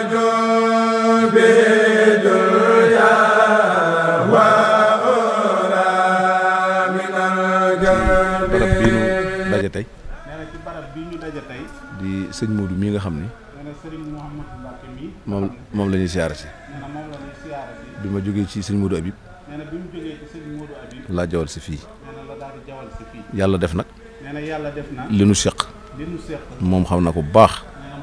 tey ci sëñ Moodu mii nga xam ni moom moom la ñuy siyaare si bi ma jógee ci sëñ Moodu Habib laa jawal si fii yàlla def nag li nu seq moom xam na ko bu baax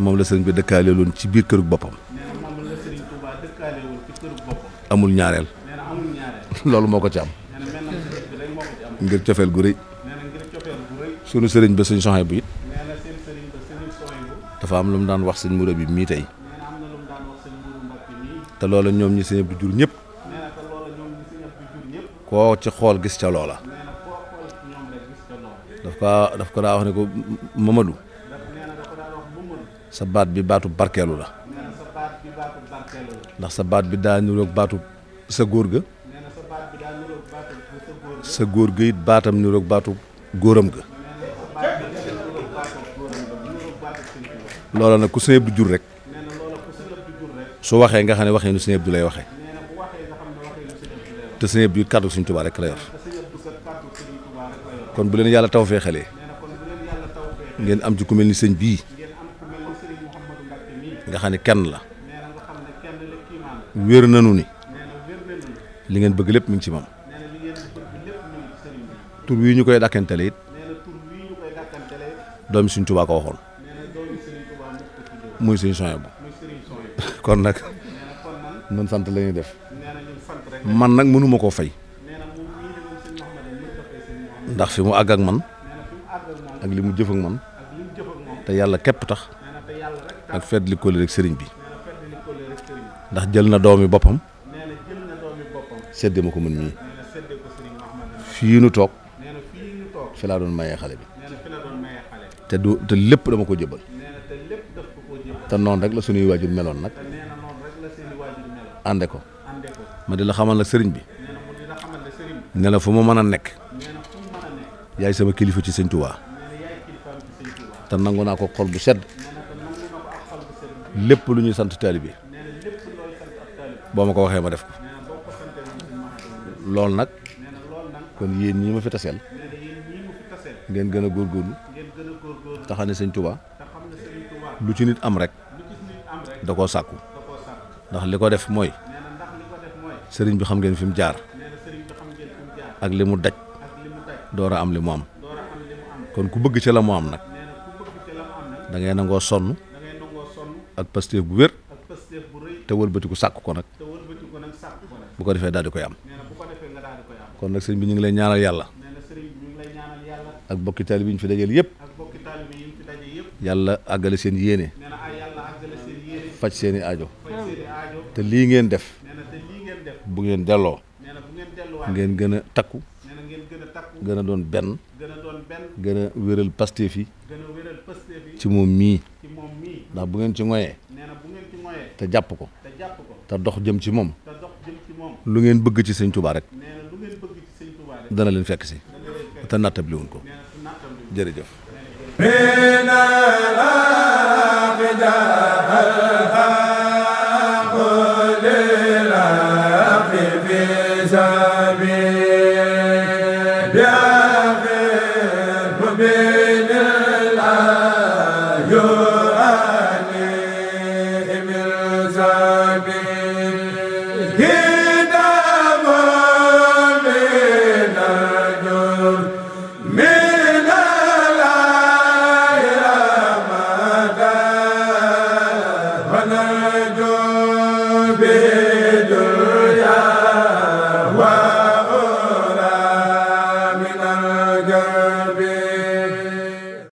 moom la sëriñ bi dëkkaale woon ci biir kërug boppam. amul ñaareel. loolu moo ko ci am. ngir cofeel gu rëy. sunu sëriñ ba suñ soxee bu it. dafa am lu mu daan wax sëñ muro bi mii tey. te loola ñoom ñi sëñ bu jur ñépp koo ci xool gis ca loola. daf ko daf ko daa wax ne ko Mamadou. sa baat bi baatu barkeelu la ndax sa baat bi daa niroog baatu sa góor ga sa góor ga it baatam niroog baatu góoram ga loola nag ku sëñ Abdu jur rek su waxee nga xam ne waxee nu sëñ Abdu lay waxe te sëñ Abdu kàddu suñ Tuubaa rek la yor kon bu leen yàlla taw fee xale ngeen am ci ku mel ni sëñ bii nga xam ne kenn la wér nanu ni li ngeen bëgg lépp mu ngi ci moom tur wii ñu koy dàkkantale it doomi suñ Tuubaa ko waxoon muy suñ soñe bu kon nag mun sant la def man nag mënuma koo fay ndax fi mu àgg man ak li mu jëf ak man te yàlla képp tax ak fedd li kóllëre sëriñ bi ndax jël na doomi boppam sedd ma ko mën mii fii nu toog fi laa doon mayee xale bi te du te lépp dama ko jëbal te noonu rek la suñuy waajur meloon nag ànde ko ma di la xamal nag sëriñ bi ne la fu ma mën a nekk yaay sama kilifa ci sëñ te nangu naa ko xol bu sedd lepp lu ñuy sant taalibe boo ma ko waxee ma def ko lool nak kon yeen ñi ma fi tassel ngeen gëna gor gor te xam ne lu ci nit am rek da ko sakku ndax liko def moy sëriñ bi xam ngeen fim jaar ak limu daj am limu am kon ku bëgg ci la mu am nak da ngay nango sonu ak pasteef bu wér te wëlbatiku sàkk ko nag bu ko defee daal di koy am kon nag sëñ bi ñu ngi lay ñaanal yàlla ak bokki taalibe yi ñu fi dajeel yëpp yàlla àggale seen yéene faj seeni i aajo te lii ngeen def bu ngeen delloo ngeen gën a takku gën a doon benn gën a wéral pasteef yi ci moom mii ndax bu ngeen ci ngoyee te jàpp ko te dox jëm ci moom lu ngeen bëgg ci sëñ Tuubaa rek dana leen fekk si te nattab ko jërëjëf Tövbe